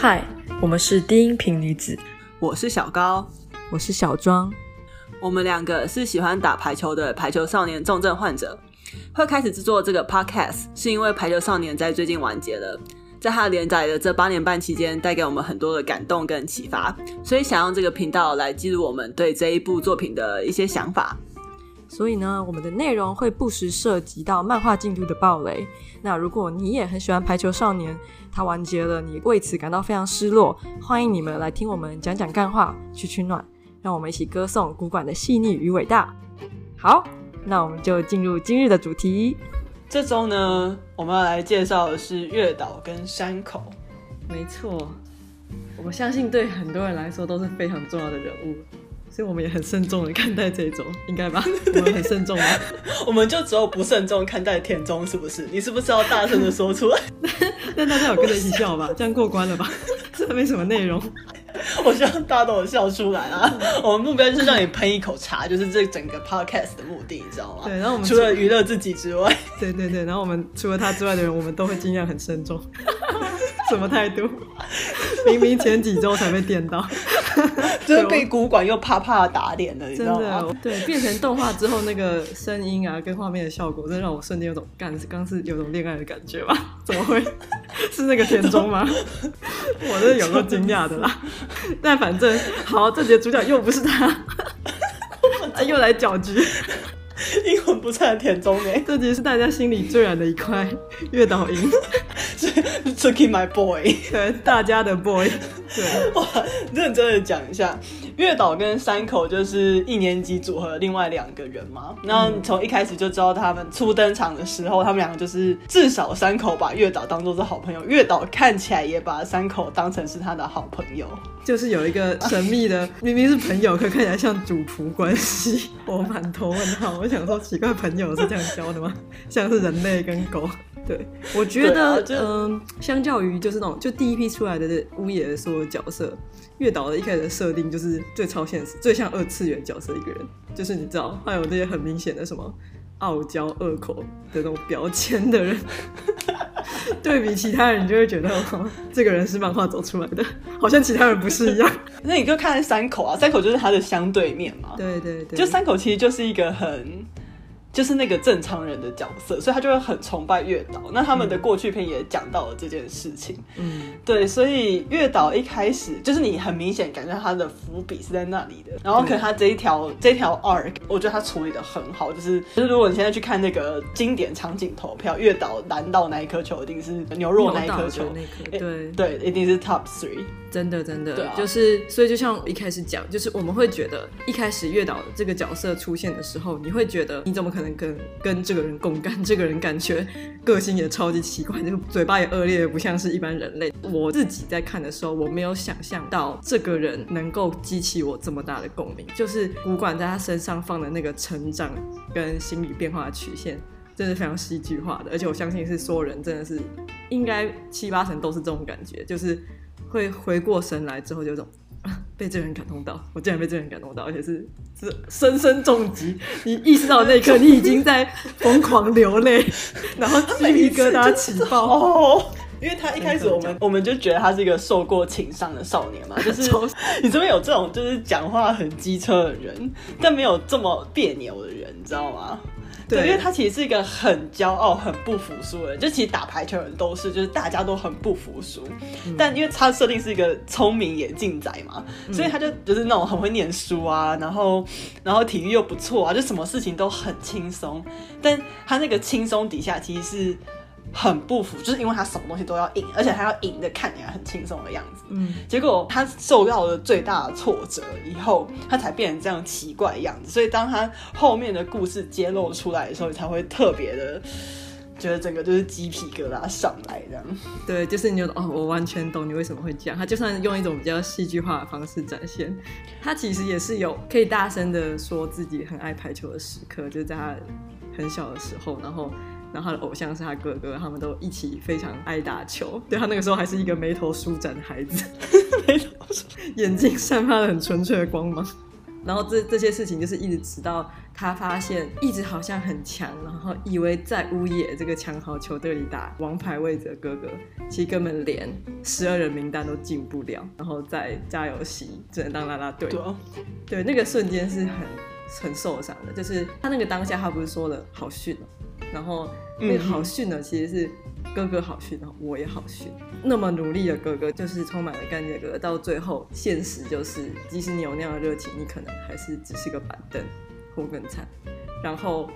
嗨，我們是低音頻女子，我是小高，我是小莊，我們兩個是喜歡打排球的排球少年重症患者。會開始製作這個 podcast 是因為《排球少年》在最近完結了，在他連載的這八年半期間，帶給我們很多的感動跟啟發，所以想用這個頻道來記錄我們對這一部作品的一些想法。所以呢，我們的內容會不時涉及到漫畫進度的暴雷。那如果你也很喜歡《排球少年》，他完結了，你為此感到非常失落，歡迎你們來聽我們講講幹話，去取暖，讓我們一起歌頌古館的細膩與偉大。好，那我們就進入今日的主題。這周呢，我們要來介紹的是月島跟山口。沒錯，我相信對很多人來說都是非常重要的人物。我們也很慎重的看待這種，應該吧？我們很慎重的， 我們就只有不慎重看待田中，是不是？你是不是要大聲的說出來？ 那大家有跟着一起笑吧？這樣過關了吧？ 這沒什麼內容。我希望大家都有笑出來啊！我們目標就是讓你噴一口茶，就是這整個 podcast 的目的，你知道嗎？對，然後我們除、除了娛樂自己之外， 對對對，然後我們除了他之外的人，我們都會儘量很慎重， 什麼態度？明明前幾周才被電到， 就是被古館又啪啪打臉了， 真的，你知道嗎？對，變成動畫之後那個聲音啊，跟畫面的效果，真的讓我瞬間有種幹，剛剛是有種戀愛的感覺吧？怎麼會是那個田中嗎？我真的有夠驚訝的啦！但反正好，這集主角又不是他，他 、啊、又來攪局。英文不差的田中梅。欸，這其實是大家心裡最軟的一塊。月 島螢是 Taking my boy，大家的 boy， 對，哇，認真的講一下，月島跟山口就是一年級組合另外兩個人嘛，然後從一開始就知道他們初登場的時候，他們兩個就是至少山口把月島當作是好朋友，月島看起來也把山口當成是他的好朋友。就是有一個神秘的，明明是朋友，可看起來像主僕關係。 我滿頭問號，我想說奇怪，朋友是這樣交的嗎？ 像是人類跟狗。對，我覺得，嗯、啊呃，相較於就是那種就第一批出來的烏野說角色，月島的一開始的設定就是最超現實、最像二次元的角色的一個人，就是你知道，還有那些很明顯的什麼傲嬌、惡口的那種標籤的人。 對比其他人，就會覺得這個人是漫畫走出來的，好像其他人不是一樣。 那你就看山口啊，山口就是他的相對面嘛。對對對，就山口其實就是一個很。就是那個正常人的角色，所以他就會很崇拜月島。那他們的過去篇也講到了這件事情。嗯，對，所以月島一開始就是你很明顯感覺到他的伏筆是在那裡的。然後可能他這一條、嗯、這條 arc，我覺得他處理的很好，就是就是如果你現在去看那個經典場景投票，月島攔到那一顆球一定是牛肉那一顆球那顆、欸，對對，一定是 top three，真的真的，對，啊，就是所以就像一開始講，就是我們會覺得一開始月島這個角色出現的時候，你會覺得你怎麼可能？跟跟這個人共感，這個人感覺個性也超級奇怪，就嘴巴也惡劣得不像是一般人類。我自己在看的時候，我沒有想象到這個人能夠激起我這麼大的共鳴。就是古館在他身上放的那個成長跟心理變化的曲線，真的非常戲劇化的。而且我相信是所有人，真的是應該七八成都是這種感覺，就是會回過神來之後就這種。被這人感動到，我竟然被這人感動到，而且是是深深重擊，你意識到那一刻，你已經在瘋狂流淚，然後雞皮疙瘩起爆。因為他一開始我們 我們就覺得他是一個受過情傷的少年嘛，就是你這邊有這種就是講話很機車的人，但沒有這麼彆扭的人，你知道嗎？對，因為他其實是一個很驕傲、很不服輸的人。就其實打排球的人都是，就是大家都很不服輸、嗯。但因為他設定是一個聰明眼鏡仔嘛，所以他就就是那種很會念書啊，然後然後體育又不錯啊，就什麼事情都很輕鬆。但他那個輕鬆底下其實是。很不服，就是因為他什麼東西都要贏，而且他要贏的看起來很輕鬆的樣子。嗯，結果他受到了最大的挫折以後，他才變成這樣奇怪的樣子。所以當他後面的故事揭露出來的時候，你才會特別的覺得整個就是雞皮疙瘩上來這樣。對，就是你就哦，我完全懂你為什麼會這樣。他就算用一種比較戲劇化的方式展現，他其實也是有可以大聲的說自己很愛排球的時刻，就是在他很小的時候，然後。然後他的偶像是他哥哥，他們都一起非常愛打球。對，他那個時候還是一個眉頭舒展的孩子， 眉頭眼睛散發了很純粹的光芒。然後這這些事情就是一直直到他發現，一直好像很強，然後以為在烏野這個強豪球隊裡打王牌位置的哥哥，其實根本連十二人名單都進不了，然後在加油席只能當啦啦隊。對、哦，對，那個瞬間是很很受傷的，就是他那個當下，他不是說了好遜然後那、嗯、好遜呢，其實是哥哥好遜，然後我也好遜。那麼努力的哥哥，就是充滿了幹勁的哥哥，到最後現實就是，即使你有那樣的熱情，你可能還是只是個板凳，或更慘。然後。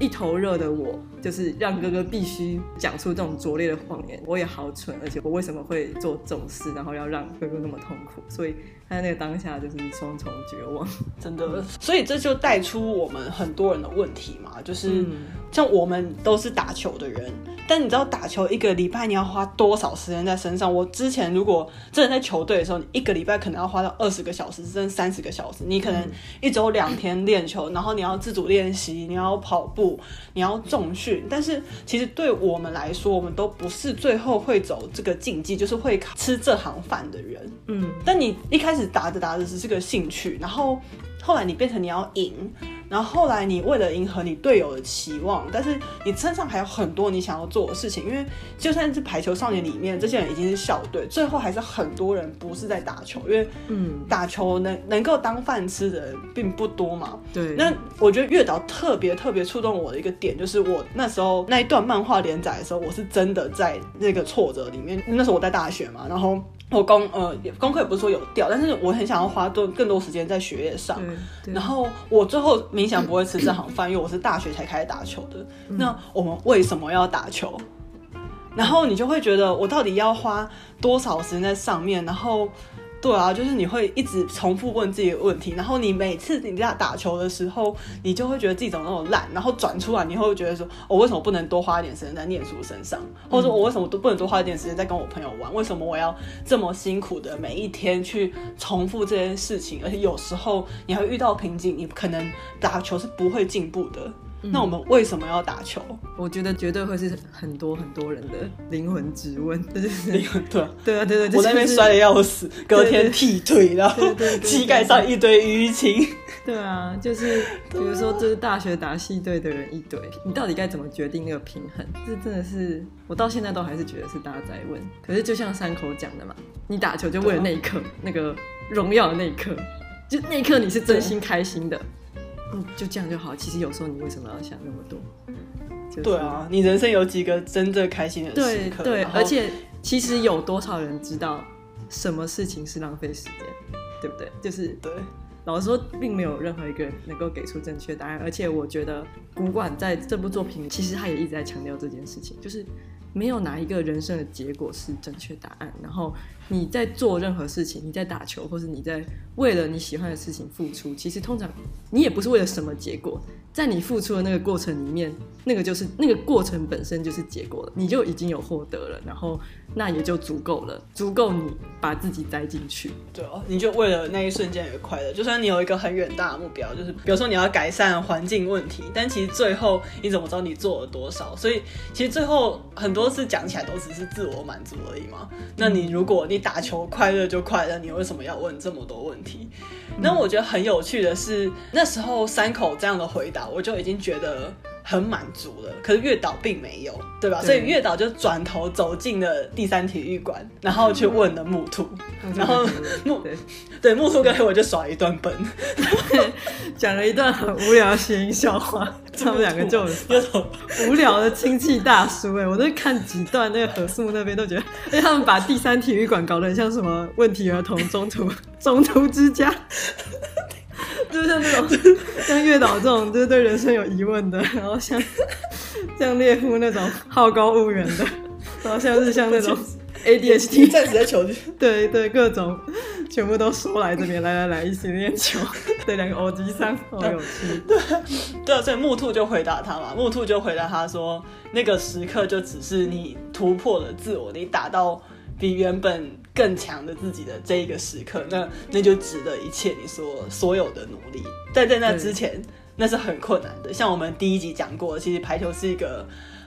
一頭熱的我，就是讓哥哥必須講出這種拙劣的謊言。我也好蠢，而且我為什麼會做這種事？然後要讓哥哥那麼痛苦，所以他在那個當下就是雙重絕望，真的。嗯、所以這就帶出我們很多人的問題嘛，就是、嗯、像我們都是打球的人，但你知道打球一個禮拜你要花多少時間在身上？我之前如果真的在球隊的時候，你一個禮拜可能要花到二十個小時，甚至三十個小時。你可能一周兩天練球、嗯，然後你要自主練習，你要跑步。你要重訓，但是其實對我們來說，我們都不是最後會走這個競技，就是會吃這行飯的人。嗯，但你一開始打着打着只是個興趣，然後。後來你變成你要贏，然後後來你為了迎合你隊友的期望，但是你身上還有很多你想要做的事情，因為就算是《排球少年》裡面，這些人已經是校隊，最後還是很多人不是在打球，因為嗯，打球能、嗯、能夠當飯吃的人並不多嘛。對。那我覺得月島特別特別觸動我的一個點，就是我那時候那一段漫畫連載的時候，我是真的在那個挫折裡面。那時候我在大學嘛，然後。我功，呃，功課也不是說有掉，但是我很想要花多更多時間在學業上。然後我最後明顯不會吃這行飯，因為我是大學才開始打球的，嗯。那我們為什麼要打球？然後你就會覺得我到底要花多少時間在上面？然後。對啊，就是你會一直重複問自己的問題，然後你每次你在打，打球的時候，你就會覺得自己怎麼那麼爛，然後轉出來，你會覺得說，我、哦、為什麼不能多花一點時間在念書身上，或者說、嗯、我為什麼都不能多花一點時間在跟我朋友玩，為什麼我要這麼辛苦的每一天去重複這件事情，而且有時候你還會遇到瓶頸，你可能打球是不會進步的。那我們為什麼要打球、嗯？我覺得絕對會是很多很多人的靈魂質問，就是靈魂，對啊 對啊。對對對，對對啊對對。我在那邊摔的要死，隔天劈腿，然後對對對對對，膝蓋上一堆淤青。 對啊，就是比如說，就是大學打系隊的人一堆、啊，你到底該怎麼決定那個平衡？這真的是我到現在都還是覺得是大家在問。可是就像山口講的嘛，你打球就為了那一刻，啊、那個榮耀的那一刻，就那一刻你是真心開心的。嗯，就這樣就好。其實有時候你為什麼要想那麼多？對啊，就是、你人生有幾個真正開心的時刻？對對，而且其實有多少人知道什麼事情是浪費時間，對不對？就是對，老實說，並沒有任何一個人能夠給出正確答案。而且我覺得古舘在這部作品，其實他也一直在強調這件事情，就是。沒有哪一個人生的結果是正確答案。然後你在做任何事情，你在打球，或是你在為了你喜歡的事情付出，其實通常你也不是為了什麼結果。在你付出的那個過程裡面，那個就是那個過程本身就是結果了，你就已經有獲得了，然後那也就足夠了，足夠你把自己栽進去。對哦、啊，你就為了那一瞬間而快樂，就算你有一個很遠大的目標，就是比如說你要改善環境問題，但其實最後你怎麼知道你做了多少？所以其實最後很多次講起來都只是自我滿足而已嘛。那你如果你打球快樂就快樂，你為什麼要問這麼多問題？那我覺得很有趣的是那時候山口這樣的回答。我就已經覺得很滿足了，可是月島並沒有，對吧？對，所以月島就轉頭走進了第三體育館，然後去問了木兔、嗯，然後木對木兔，剛才我就耍一段本， 講了一段很無聊諧音笑話， 他們兩個就那種 又多 無聊的親戚大叔哎、欸，我都看幾段那個合宿那邊都覺得，因為他們把第三體育館搞得很像什麼問題兒童中途 中途之家。就像這種，像月島這種就是對人生有疑問的，然後像像烈夫那種好高騖遠的，然後像是像那種 A D H D 暫時在球隊，對對各種全部都說來這邊來來來一起練球， 對兩個 O G 三 O G 對對啊，所以木兔就回答他嘛，木兔就回答他說，那個時刻就只是你突破了自我，你打到比原本。更強的自己的這一個時刻，那那就值得一切你所所有的努力。但在那之前，那是很困難的。像我們第一集講過，其實排球是一個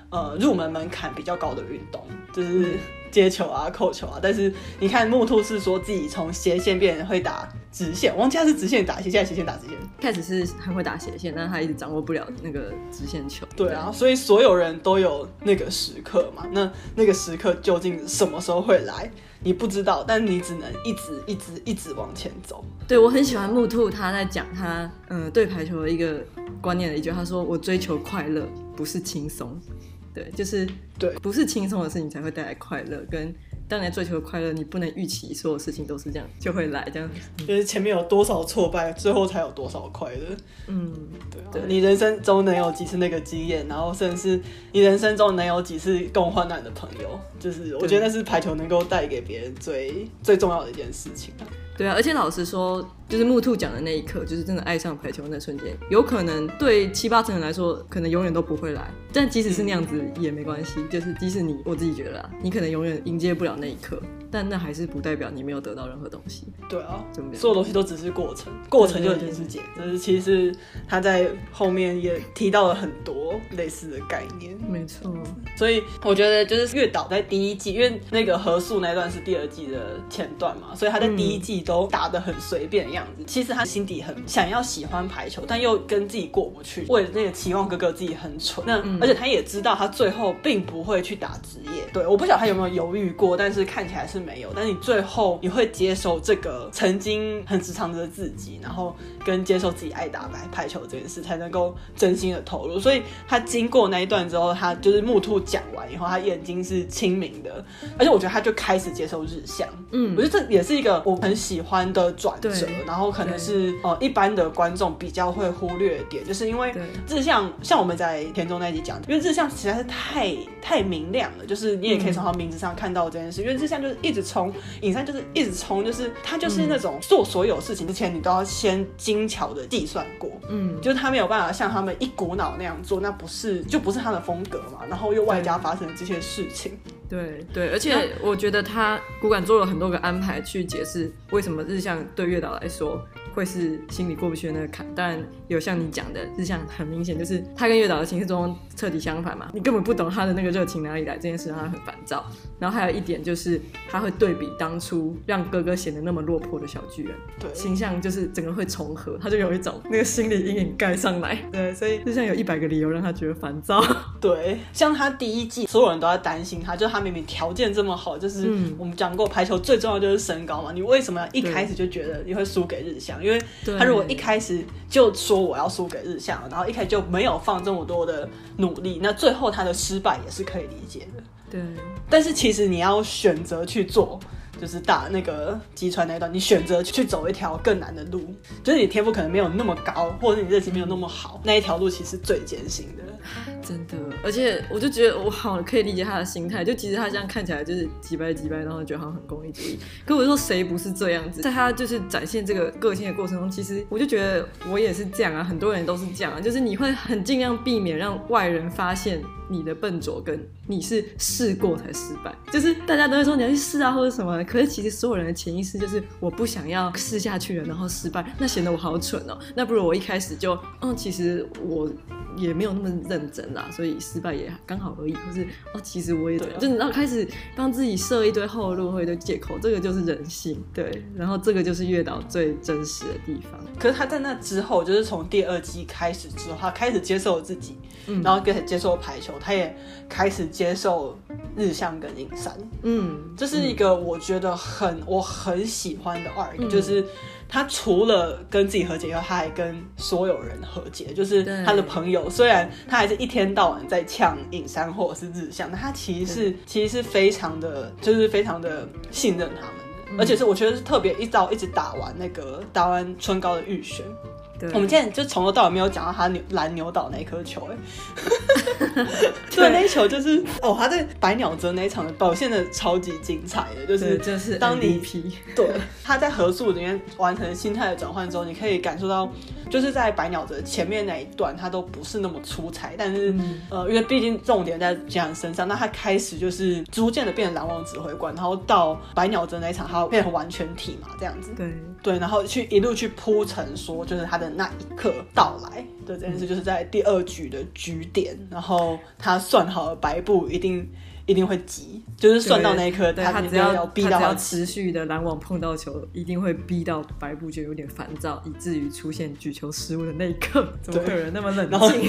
呃入門門檻比較高的運動，就是接球啊、扣球啊。但是你看木兔是說自己從斜線變會打直線，忘記他是直線打斜線，現在斜線打直線。開始是很會打斜線，但他一直掌握不了那個直線球。對啊，對所以所有人都有那個時刻嘛。那那個時刻究竟什麼時候會來？你不知道，但你只能一直一直一直往前走。對，我很喜歡木兔，他在講他嗯、呃、對排球的一個觀念的一句，他說：“我追求快樂，不是輕鬆，對，就是對，不是輕鬆的事情才會帶來快樂。”跟將來追求的快樂，你不能預期所有事情都是這樣就會來，這樣就是前面有多少挫敗，最後才有多少快樂。嗯，對啊，對，你人生中能有幾次那個經驗，然後甚至你人生中能有幾次共患難的朋友，就是我覺得那是排球能夠帶給別人最最重要的一件事情。對啊，而且老實說，就是木兔講的那一刻，就是真的愛上排球那瞬間，有可能對七八成人來說，可能永遠都不會來。但即使是那樣子也沒關係，就是即使你，我自己覺得啊，你可能永遠迎接不了那一刻。但那還是不代表你沒有得到任何東西。對啊，所有東西都只是過程，過程就已經是解。只是其實他在後面也提到了很多類似的概念。沒錯，所以我覺得就是月島在第一季，因為那個合宿那段是第二季的前段嘛，所以他在第一季都打得很隨便的樣子，嗯。其實他心底很想要喜歡排球，但又跟自己過不去，為了那個期望哥哥自己很蠢，嗯。那而且他也知道他最後並不會去打職業。對，我不曉得他有沒有猶豫過，但是看起來是。沒有，但你最後你會接受這個曾經很直腸的自己，然後，跟接受自己愛打排排球這件事，才能夠真心的投入。所以他經過那一段之後，他就是木兔講完以後，他眼睛是清明的，而且我覺得他就開始接受日向。嗯，我覺得這也是一個我很喜歡的轉折。然後可能是呃一般的觀眾比較會忽略一點，就是因為日向像我們在田中那一集講，因為日向實在是太太明亮了。就是你也可以從他名字上看到這件事，嗯、因為日向就是一直衝，影山就是一直衝，就是他就是那種做所有事情之前你都要先。精巧的計算過，嗯，就是他沒有辦法像他們一股腦那樣做，那不是，就不是他的風格嘛。然後又外加發生這些事情。對對，而且我覺得他骨感做了很多個安排去解釋為什麼日向對月島來說會是心裡過不去的那個坎。但有像你講的，日向很明顯就是他跟月島的情緒中徹底相反嘛，你根本不懂他的那個熱情哪裡來，這件事讓他很煩躁。然後還有一點就是他會對比當初讓哥哥顯得那麼落魄的小巨人。對，形象就是整個會重合，他就有一種那個心理陰影蓋上來。對，所以日向有一百個理由讓他覺得煩躁。對， 像他第一季所有人都在擔心他，他就。他明明條件這麼好，就是我們講過排球最重要就是身高嘛，嗯。你為什麼一開始就覺得你會輸給日向？因為他如果一開始就說我要輸給日向，然後一開始就沒有放這麼多的努力，那最後他的失敗也是可以理解的。對，但是其實你要選擇去做。就是打那個擊穿那一段，你選擇去走一條更難的路，就是你的天賦可能沒有那麼高，或者你熱情沒有那麼好，那一條路其實最艱辛的，真的。而且我就覺得我好像可以理解他的心態，就其實他這樣看起來就是幾掰幾掰，然後覺得好像很功利主義。可我就說誰不是這樣子？在他就是展現這個個性的過程中，其實我就覺得我也是這樣啊，很多人都是這樣啊，就是你會很盡量避免讓外人發現。你的笨拙跟你是試過才失敗，就是大家都會說你要去試啊或者什麼，可是其實所有人的潛意識就是我不想要試下去了，然後失敗，那顯得我好蠢哦、喔，那不如我一開始就嗯，其實我也沒有那麼認真啦，所以失敗也剛好而已，或是哦，其實我也對、啊、就然後開始幫自己設一堆後路或者一堆借口，這個就是人性對，然後這個就是月島最真實的地方。可是他在那之後，就是從第二季開始之後，他開始接受自己，然後跟接受排球。他也開始接受日向跟影山，嗯，這是一個我覺得很、嗯、我很喜歡的 ARC、嗯，就是他除了跟自己和解以後，他還跟所有人和解，就是他的朋友，雖然他還是一天到晚在嗆影山或者是日向，但他其實是其實是非常的，就是非常的信任他們的，嗯、而且是我覺得是特別一早一直打完那個打完春高的預選，對。我們今天就從頭到尾沒有講到他牛攔牛島那一顆球， 就 那一球就是哦，他在白鳥澤那一場表現的超級精彩的，就是就是當你對,、就是、對他在合宿裡面完成心態的轉換之後，你可以感受到，就是在白鳥澤前面那一段他都不是那麼出彩，但是、嗯、呃，因為畢竟重點在這樣身上，那他開始就是逐漸的變成攔網指揮官，然後到白鳥澤那一場，他變成完全體嘛，這樣子對對，然後去一路去鋪陳說，就是他的那一刻到來。對，這件事就是在第二局的局點，嗯、然後他算好了白布，一定一定會急，就是算到那一刻他對，他肯定要逼到持續的攔網碰到球，嗯，一定會逼到白布就有點煩躁，嗯，以至於出現舉球失誤的那一刻，怎麼會有人那麼冷靜？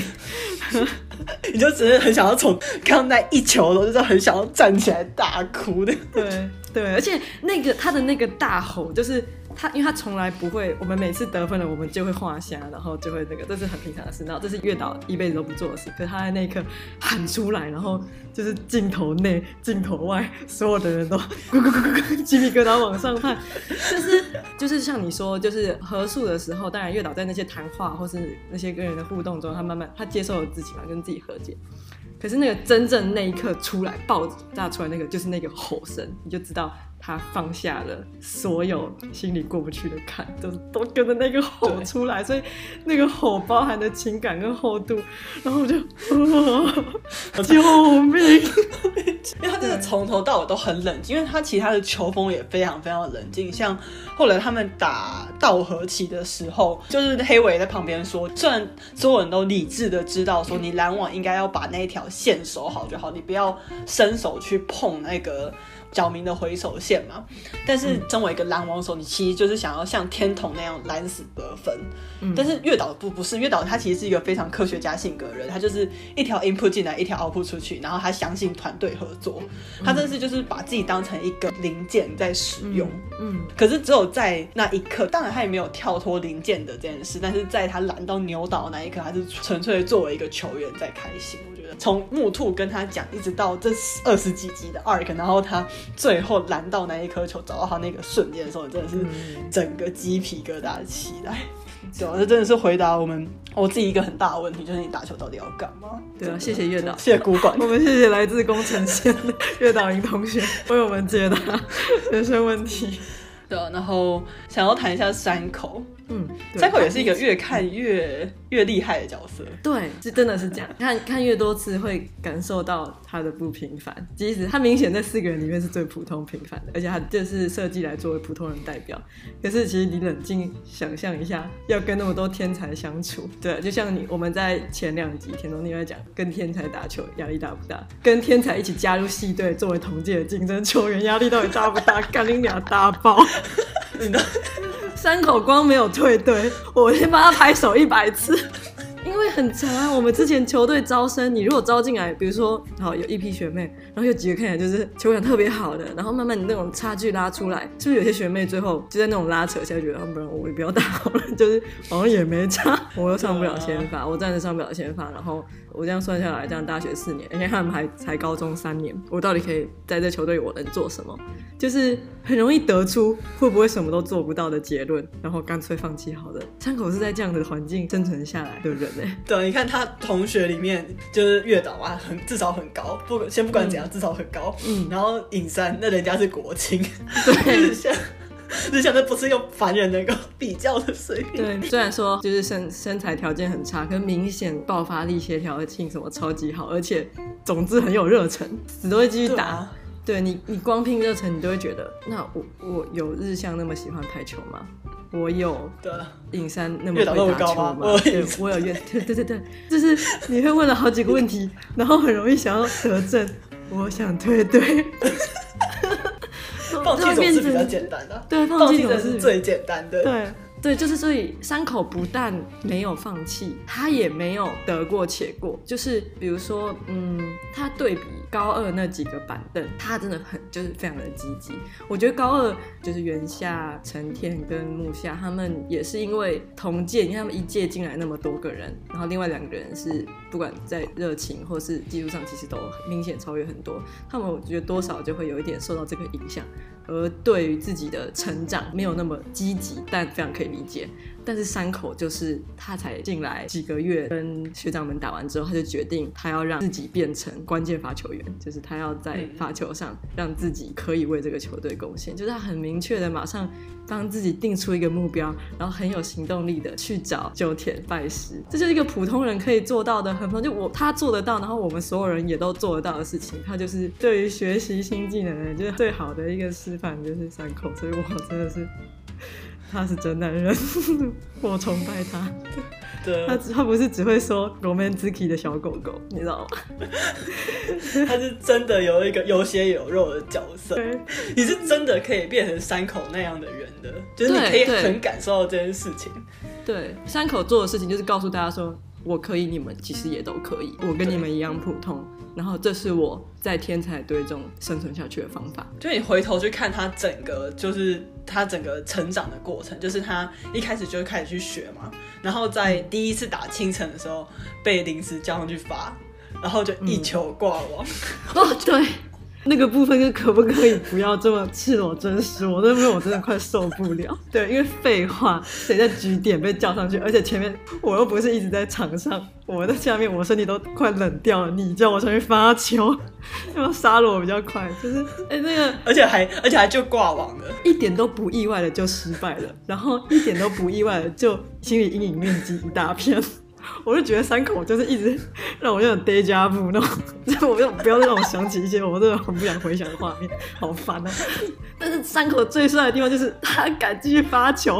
你就只是很想要從剛才一球的時候，就是很想要站起來大哭的。對對，對，對，而且那個他的那個大吼就是。他因為他從來不會，我們每次得分了，我們就會畫瞎，然後就會那個，這是很平常的事。然後這是月島一輩子都不做的事，可是他在那一刻喊出來，然後就是鏡頭內、鏡頭外所有的人都咕咕咕咕，雞皮疙瘩往上看。 就是就是像你說，就是合宿的時候，當然月島在那些談話或是那些跟人的互動中，他慢慢他接受了自己嘛，跟自己和解。可是那個真正那一刻出來爆炸出來那個，就是那個吼聲，你就知道。他放下了所有心裡過不去的坎，都都跟着那個吼出來，所以那個吼包含的情感跟厚度，然後我就，啊、 救命！ 因為他真的從頭到尾都很冷靜，因為他其他的球風也非常非常冷靜。像後來他們打稻荷崎的時候，就是黑尾在旁邊說，雖然所有人都理智的知道說，你攔網應該要把那條線守好就好，你不要伸手去碰那個。小明的回首線嘛，但是身為一個攔網手，你其實就是想要像天童那樣攔死得分、嗯。但是月島不不是月島，他其實是一個非常科學家性格的人，他就是一條 input 進來，一條 output 出去，然後他相信團隊合作，他真是就是把自己當成一個零件在使用。嗯，可是只有在那一刻，當然他也沒有跳脫零件的這件事，但是在他攔到牛島那一刻，他是純粹作為一個球員在開心。我覺得從木兔跟他講，一直到這二十幾集的 arc，然後他。最後攔到那一顆球，找到他那個瞬間的時候，真的是整個雞皮疙瘩起來。對、啊，這真的是回答我們我、哦、自己一個很大的問題，就是你打球到底要幹嘛？對啊，對謝謝月島， 謝謝古舘。我們謝謝來自宮城縣的月島螢同學為我們解答人生問題。對、啊，然後想要談一下山口，嗯 Tsukki 也是一個越看越、嗯、越厲害的角色，對，是真的是這樣， 看看越多次會感受到他的不平凡。即使他明顯在四個人裡面是最普通平凡的，而且他就是設計來作為普通人代表。可是其實你冷靜想象一下，要跟那麼多天才相處，對，就像你我們在前兩集田中另外講，跟天才打球壓力大不大？跟天才一起加入系隊作為同屆競爭球員，壓力到底大不大？肯 定倆大爆，哈 的山口光沒有退隊，我先幫他拍手一百次， 因為很長啊。我們之前球隊招生，你如果招進來，比如說好有一批學妹，然後有幾個看起來就是球感特別好的，然後慢慢你那種差距拉出來，是不是有些學妹最後就在那種拉扯下覺得，要不然我也不要打了， 就是好像也沒差，我又上不了先發，啊、我暫時上不了先發，然後。我這樣算下來，這樣大學四年，而、欸、且他們還才高中三年，我到底可以在這球隊我能做什麼？就是很容易得出會不會什麼都做不到的結論，然後乾脆放棄。好的，山口是在這樣的環境生存下來的人呢、欸？對，你看他同學裡面就是月島啊，很至少很高，不先不管怎樣至少很高，嗯，然後影山那人家是國青，對 像。日向，這不是用凡人能夠比較的水平。對，雖然說就是身身材條件很差，跟明顯爆發力、協調性什麼超級好，而且總之很有熱忱，你都會繼續打。對，對你，你光拼熱忱，你都會覺得，那我我有日向那麼喜歡排球嗎？我有。對。影山那麼會打球嗎？對，月島那麼高嗎？我有。我有越。對對對對， 就是你會問了好幾個問題，然後很容易想要得證， 我想退隊。 放棄是最簡單的，啊，對，放棄是最簡單的。對，對，就是所以，山口不但沒有放棄，他也沒有得過且過。就是比如說，嗯，他對比高二那幾個板凳，他真的很就是非常的積極。我覺得高二就是原夏、成田跟木下他們也是因為同屆，因為他們一屆進來那麼多個人，然後另外兩個人是不管在熱情或是技術上，其實都明顯超越很多，他們我覺得多少就會有一點受到這個影響。而對於自己的成長沒有那麼積極，但非常可以理解。但是山口就是他才進來幾個月，跟學長們打完之後，他就決定他要讓自己變成關鍵發球員，就是他要在發球上讓自己可以為這個球隊貢獻。就是他很明確的馬上幫自己定出一個目標，然後很有行動力的去找九田拜師。這就是一個普通人可以做到的，很普通就我他做得到，然後我們所有人也都做得到的事情。他就是對於學習新技能，就是最好的一個示範，就是山口。所以我真的是。他是真男人，我崇拜他。對，他他不是只會說《Romantic》的小狗狗，你知道嗎？ 他是真的有一個有血有肉的角色。你是真的可以變成山口那樣的人的，就是你可以很感受到這件事情。對，對，對，山口做的事情就是告訴大家說：“我可以，你們其實也都可以，我跟你們一樣普通。”然後這是我在天才堆中生存下去的方法。就你回頭去看他整個，就是他整個成長的過程，就是他一開始就開始去學嘛。然後在第一次打青城的時候被臨時叫上去發，然後就一球掛網。哦、嗯， oh, 對。那個部分就可不可以不要這麼赤裸真實？我那邊我真的快受不了。對，因為廢話，誰在局點被叫上去？而且前面我又不是一直在場上，我在下面，我身體都快冷掉了。你叫我上去發球，要不要殺了我比較快。就是，哎、欸，那個，而且還而且還就掛網了，一點都不意外的就失敗了，然後一點都不意外的就心理陰影面積一大片。我就覺得山口就是一直讓我有點 deja vu 那種，就 我就不要讓我想起一些我真的很不想回想的畫面，好煩啊！但是山口最帥的地方就是他敢繼續發球，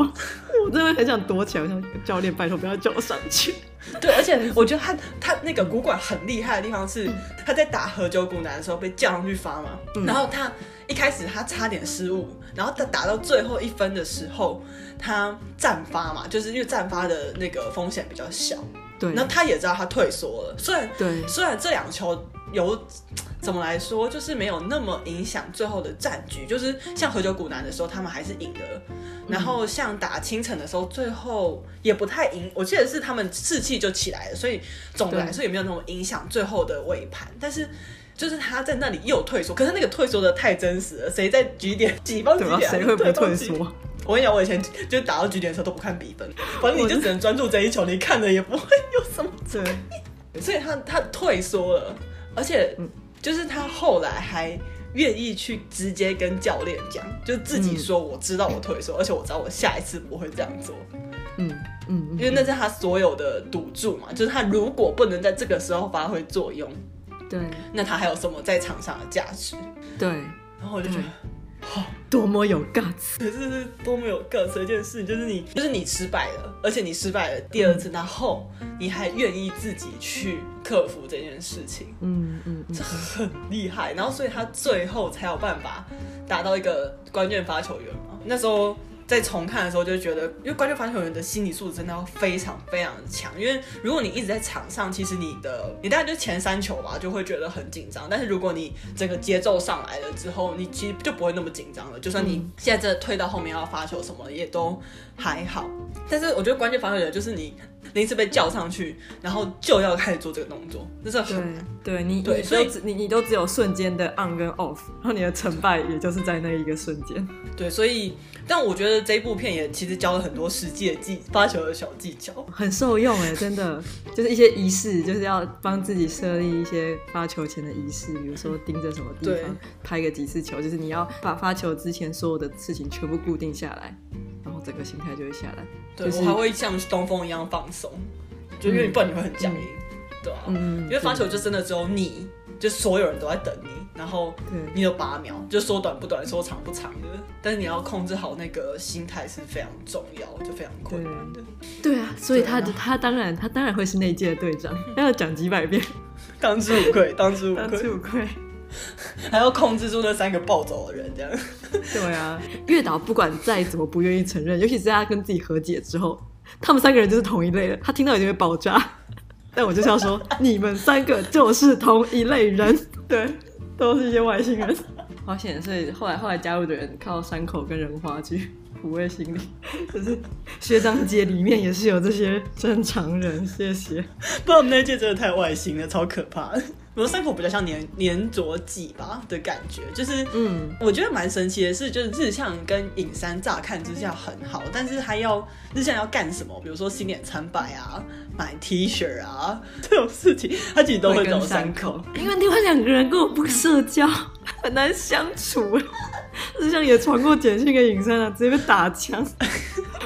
我真的很想躲起來，我想教練拜托不要叫我上去。 對，而且我覺得他他那個古舘很厲害的地方是、嗯，他在打和久谷南的時候被叫上去發嘛，嗯、然後他一開始他差點失誤，然後他打到最後一分的時候他站發嘛，就是因為站發的那個風險比較小，對，那他也知道他退縮了，雖然對雖然這兩球有。怎麼來說，就是沒有那麼影響最後的戰局。就是像和久谷南的時候，他們還是贏了；然後像打青城的時候，最後也不太贏。我記得是他們士氣就起來了，所以總的來說也沒有那麼影響最後的尾盤。但是就是他在那裡又退縮，可是那個退縮的太真實了。誰在局點擠爆局點，誰會不會退縮？我跟你講，我以前就打到局點的時候都不看比分，反正你就只能專注這一球，你看的也不會有什麼。對，所以他他退縮了，而且。嗯就是他後來還願意去直接跟教練講，就是、自己說我知道我退縮、嗯，而且我知道我下一次不會這樣做。嗯嗯，因為那是他所有的賭注嘛，就是他如果不能在這個時候發揮作用，對，那他還有什麼在場上的價值？對，然後我就覺得。嗯多麼有個性！可是是多麼有個子的一件事，就是你，就是你失敗了，而且你失敗了第二次，然後你還願意自己去克服這件事情，嗯嗯，嗯，這很厲害。然後所以他最後才有辦法達到一個關鍵發球員嘛。那時候。在重看的時候就覺得，因為關鍵發球員的心理素質真的要非常非常強。因為如果你一直在場上，其實你的你大概就前三球吧，就會覺得很緊張。但是如果你整個節奏上來了之後，你其實就不會那麼緊張了。就算你現在這退到後面要發球什麼的也都。還好，但是我覺得關鍵發球者，就是你臨時被叫上去，然後就要開始做這個動作，就是很對，對，你對，所以你你都只有瞬間的 on 跟 off，然後你的成敗也就是在那一個瞬間。對，所以但我覺得這部片也其實教了很多實際的技發球的小技巧，很受用哎、欸，真的 就是一些儀式，就是要幫自己設立一些發球前的儀式，比如說盯着什麼地方，對，拍個幾次球，就是你要把發球之前所有的事情全部固定下來，然後整個行程。他就會下來，對、就是、我還會像東峰一樣放鬆、嗯，就因為你不然你會很僵硬、嗯，對啊，嗯、因為發球就真的只有你就所有人都在等你，然後你有八秒，就說短不短，說長不長的、就是，但是你要控制好那個心態是非常重要，就非常困難的，對、對、對、對啊，所以他他、他當然他當然會是那屆的隊長，他 要講幾百遍，當之無愧，當之無愧，當之無愧。還要控制住那三個暴走的人，這樣。對啊，月島不管再怎麼不願意承認，尤其是他跟自己和解之後，他們三個人就是同一類的。他聽到也會爆炸，但我就是要說， 你們三個就是同一類人，對，都是一些外星人。好險，所以後來後來加入的人靠山口跟人花去撫慰心理。可、就是學長姐裡面也是有這些正常人，謝謝。不過我們那屆真的太外星了，超可怕。我山口比較像黏黏著劑吧的感覺，就是嗯，我覺得蠻神奇的是，就是日向跟影山乍看之下很好，但是他要日向要幹什麼，比如說新年參拜啊、買 T 恤啊，這種事情，他其實都會找山口，口。因為另外兩個人跟我不社交，很難相處。 日向也傳過簡訊給影山了，啊，直接被打槍。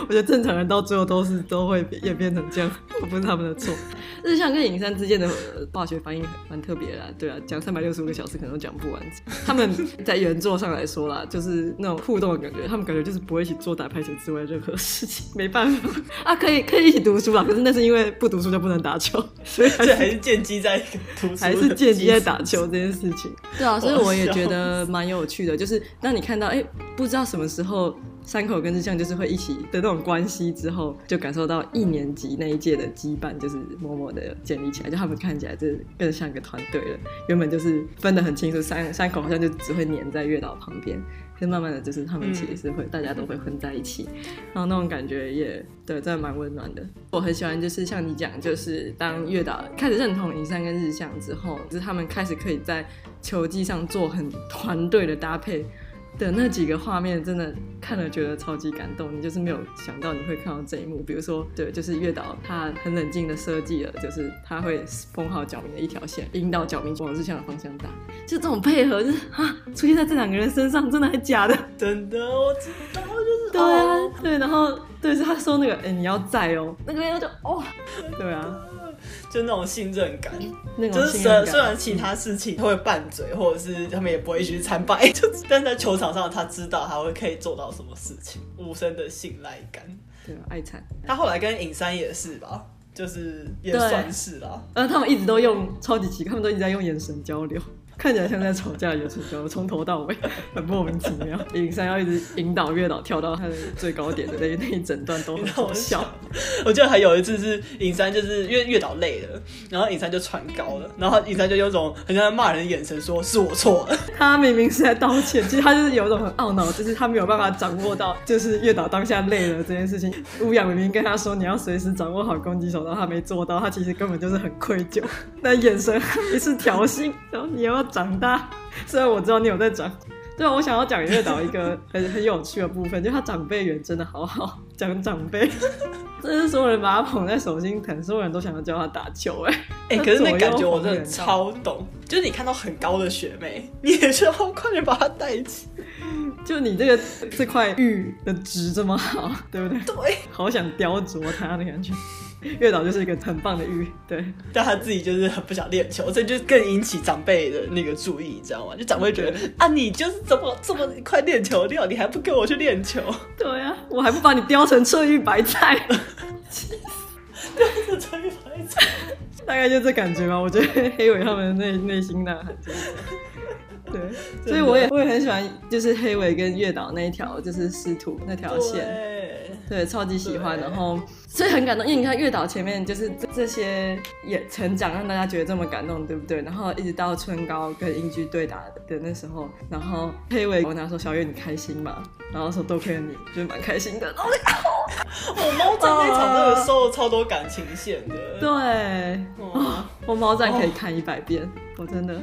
我覺得正常人到最後都是都會演變成這樣，不是他們的錯。日向跟影山之間的化學反應蠻特別的啦，對啊，講三百六十五個小時可能都講不完。他們在原作上來說啦，就是那種互動的感覺，他們感覺就是不會一起做打排球之外任何事情，沒辦法啊，可以可以一起讀書啊，可是那是因為不讀書就不能打球，所以還是建基在讀書，還是建基在打球這件事情。對啊，所以我也覺得蠻有趣的，就是當你看到哎、欸，不知道什麼時候。山口跟日向就是會一起的那種關係，之後就感受到一年級那一屆的羈絆，就是默默的建立起來。就他們看起來就更像一個團隊了。原本就是分得很清楚，山山口好像就只會黏在月島旁邊，就慢慢的就是他們其實是會、嗯、大家都會混在一起，然後那種感覺也對，真的蠻溫暖的。我很喜歡，就是像你講，就是當月島開始認同影山跟日向之後，就是他們開始可以在球技上做很團隊的搭配。的那幾個畫面真的看了覺得超級感動，你就是沒有想到你會看到這一幕。比如說，對，就是月島他很冷靜的設計了，就是他會封好角名的一條線，引導角名往日向的方向打，就這種配合，就是啊，出現在這兩個人身上，真的還假的？真的，我知道，就是對啊，oh. 對，然後對，是他說那個，哎、欸，你要在哦，那個就哦、oh.，對啊。就那種，那種信任感，就是雖然，雖然其他事情他會拌嘴，嗯，或者是他們也不會去參拜，嗯、 但在球場上，他知道他會可以做到什麼事情，無聲的信賴感。對，愛慘。他後來跟影山也是吧，就是也算是吧，而、啊、他們一直都用超級奇，他們都一直在用眼神交流。看起來像在吵架，有時候從頭到尾很莫名其妙。 影山要一直引導月島跳到他的最高點的那那一整段都很好笑。我記得還有一次是影山，就是因為月島累了，然後影山就喘高了，然後影山就有種很像在罵人的眼神說是我錯了。他明明是在道歉，其實他就是有一種很懊惱，就是他沒有辦法掌握到，就是月島當下累了這件事情。烏養明明跟他說你要隨時掌握好攻擊手段，他沒做到，他其實根本就是很愧疚。那眼神 一次挑釁，然後你要。長大，雖然我知道你有在長，對啊，我想要講月島一個很很有趣的部分， 就是他長輩緣真的好好，講長輩，真是所有人把他捧在手心疼，所有人都想要教他打球，哎、欸、哎、欸，可是那感覺我真的超懂，就是你看到很高的學妹，你也是好快就把他帶起，就你這個這塊玉的質這麼好，對不對？對，好想雕琢他的感覺。月島就是一個很棒的玉，對，但他自己就是很不想練球，所以就更引起長輩的那個注意，你知道嗎？就長輩覺得啊，你就是怎麼這麼快練球料，你還不跟我去練球？對呀、啊，我還不把你雕成翠玉白菜了，白菜，大概就這感覺吧。我覺得黑尾他們內內心吶，對， 所以我也會很喜歡，就是黑尾跟月島那一條，就是師徒那條線。對，超級喜歡，然後所以很感動，因為你看月島前面就是這，這些也成長，讓大家覺得這麼感動，對不對？然後一直到春高跟音駒對打的對那時候，然後黑尾問他說：“小月，你開心嗎？”然後說：“多虧了你，就是蠻開心的。”然後我貓戰那場真的收超多感情線的，對、哦，我貓戰可以看一百遍，哦、我真的。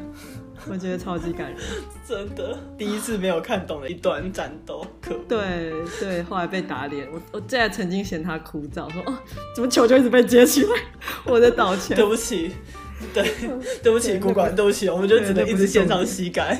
我覺得超級感人， 真的。第一次沒有看懂的一段戰鬥課，可 對對，後來被打臉。我我在曾經嫌他枯燥，說哦、啊，怎麼球球一直被接起來？ 我在道歉，對不起，對對不起，古館 對，對，對不起對對，我們就只能一直獻上膝蓋。膝蓋。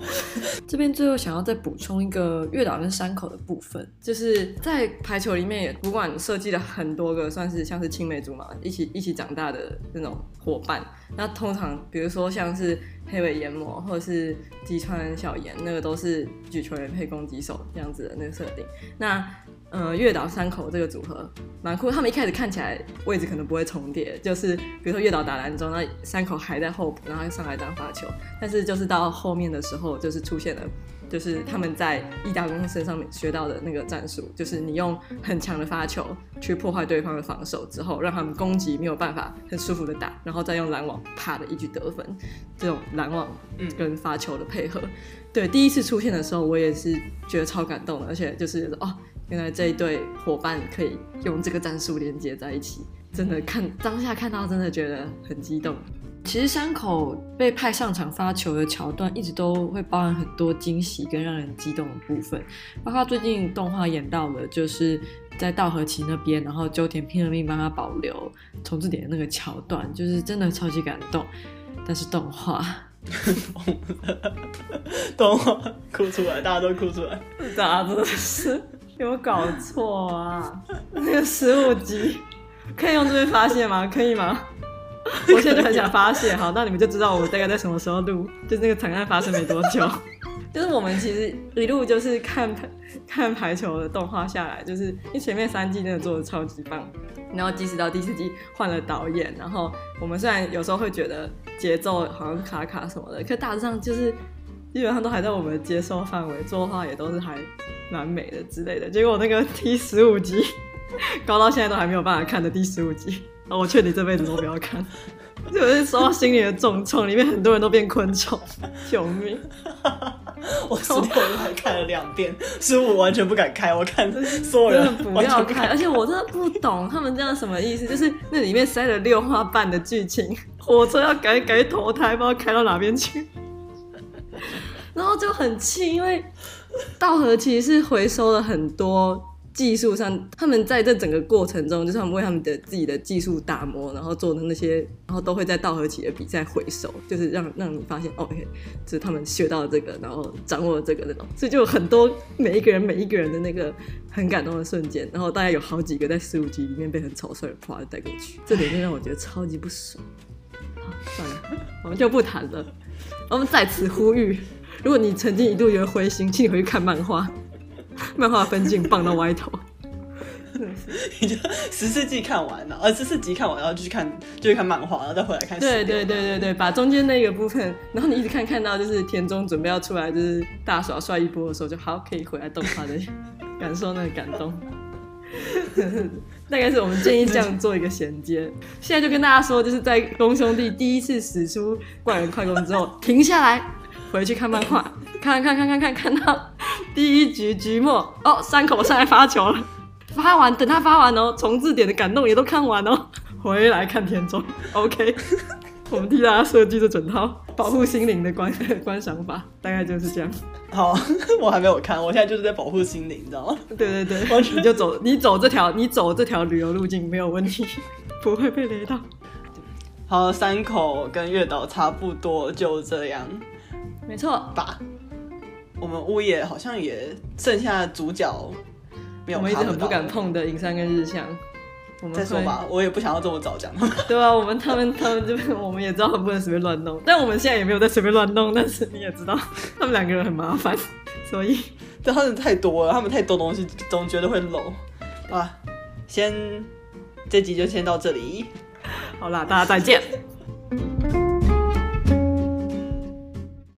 這邊最後想要再補充一個月島跟山口的部分，就是在排球裡面也古館設計了很多個算是像是青梅竹馬一起一起長大的那種夥伴。那通常比如說像是。黑尾研磨，或者是及川小岩，那個都是舉球員配攻擊手這樣子的那個設定。那。呃，月島山口這個組合蠻酷的。他們一開始看起來位置可能不會重疊，就是比如說月島打攔中，那山口還在候補，然後上來當發球。但是就是到後面的時候，就是出現了，就是他們在伊達工業身上面學到的那個戰術，就是你用很強的發球去破壞對方的防守之後，讓他們攻擊沒有辦法很舒服的打，然後再用攔網啪的一句得分。這種攔網跟發球的配合，嗯、對第一次出現的時候，我也是覺得超感動的，而且就是哦。原來這一對夥伴可以用這個戰術連接在一起，真的看當下看到真的覺得很激動，嗯。其實山口被派上場發球的橋段，一直都會包含很多驚喜跟讓人激動的部分，包括最近動畫演到了，就是在稻荷崎那邊，然後秋田拼了命幫他保留重字典那個橋段，就是真的超級感動。但是動畫， 動畫哭出來，大家都哭出來，真的是。有沒有搞錯啊？那個十五集可以用這邊發洩嗎？可以嗎？我現在就很想發洩。好，那你們就知道我們大概在什麼時候錄，就是那個慘案發生沒多久。 就是我們其實一路就是看排看排球的動畫下來，就是因為前面三季真的做的超級棒，然後即使到第四季換了導演，然後我們雖然有時候會覺得節奏好像卡卡什麼的，可大致上就是。基本上都還在我們的接受範圍，作畫也都是還蠻美的之類的。結果那個第十五集，搞到現在都還沒有辦法看的第十五集，啊，我勸你這輩子都不要看，有 是說到心理的重創，裡面很多人都變昆蟲， 救命！我抽掉了還看了兩遍，師 傅完全不敢開，我看所有人不要看，而且我真的不懂他們這樣什麼意思， 就是那裡面塞了六話半的劇情，火車要改改投胎，不知道開到哪邊去。然後就很氣，因為稻荷其實是回收了很多技術上，他們在這整個過程中，就是他們為他們的自己的技術打磨，然後做的那些，然後都會在稻荷崎的比賽回收，就是讓讓你發現哦，k、OK, 就是他們學到了這個，然後掌握了這個那種，所以就有很多每一個人每一個人的那個很感動的瞬間，然後大家有好幾個在十五集裡面被很草率的的帶過去，這點就讓我覺得超級不爽。好，算了，我們就不談了。我們在此呼籲：如果你曾經一度覺得灰心，請你回去看漫畫。漫畫分鏡棒到歪頭 是是，你就十四季看完，了、呃，後呃十四集看完，然後就去看，就去看漫畫，然後再回來看對。對對對對對，把中間那個部分，然後你一直看看到就是田中準備要出來就是大耍帥一波的時候，就好可以回來動畫的感受那個感動。 大概是我們建議這樣做一個銜接。 現在就跟大家說，就是在宮兄弟第一次使出怪人快攻之後，停下來，回去看漫畫，看，看，看，看,看，看，看到第一局局末哦，山口上來發球了，發完，等他發完哦，重置點的感動也都看完哦，回來看田中 ，OK。 我們替大家設計的整套保護心靈的觀 觀賞法，大概就是這樣。好，我還沒有看，我現在就是在保護心靈，你知道嗎？ 對對對，你就走，你走這條，你走這條旅遊路徑沒有問題， 不會被雷到。好，山口跟月島差不多，就這樣。沒錯吧？我們物業好像也剩下主角沒有我們一直很不敢碰的影山跟日向。我們再說吧，我也不想要這麼早講。對啊，我們他們他們這邊，我們也知道他不能隨便亂弄，但我們現在也沒有在隨便亂弄。但是你也知道，他們兩個人很麻煩，所以對他們太多了，他們太多東西，總覺得會漏。啊，先這集就先到這裡，好啦，大家再見。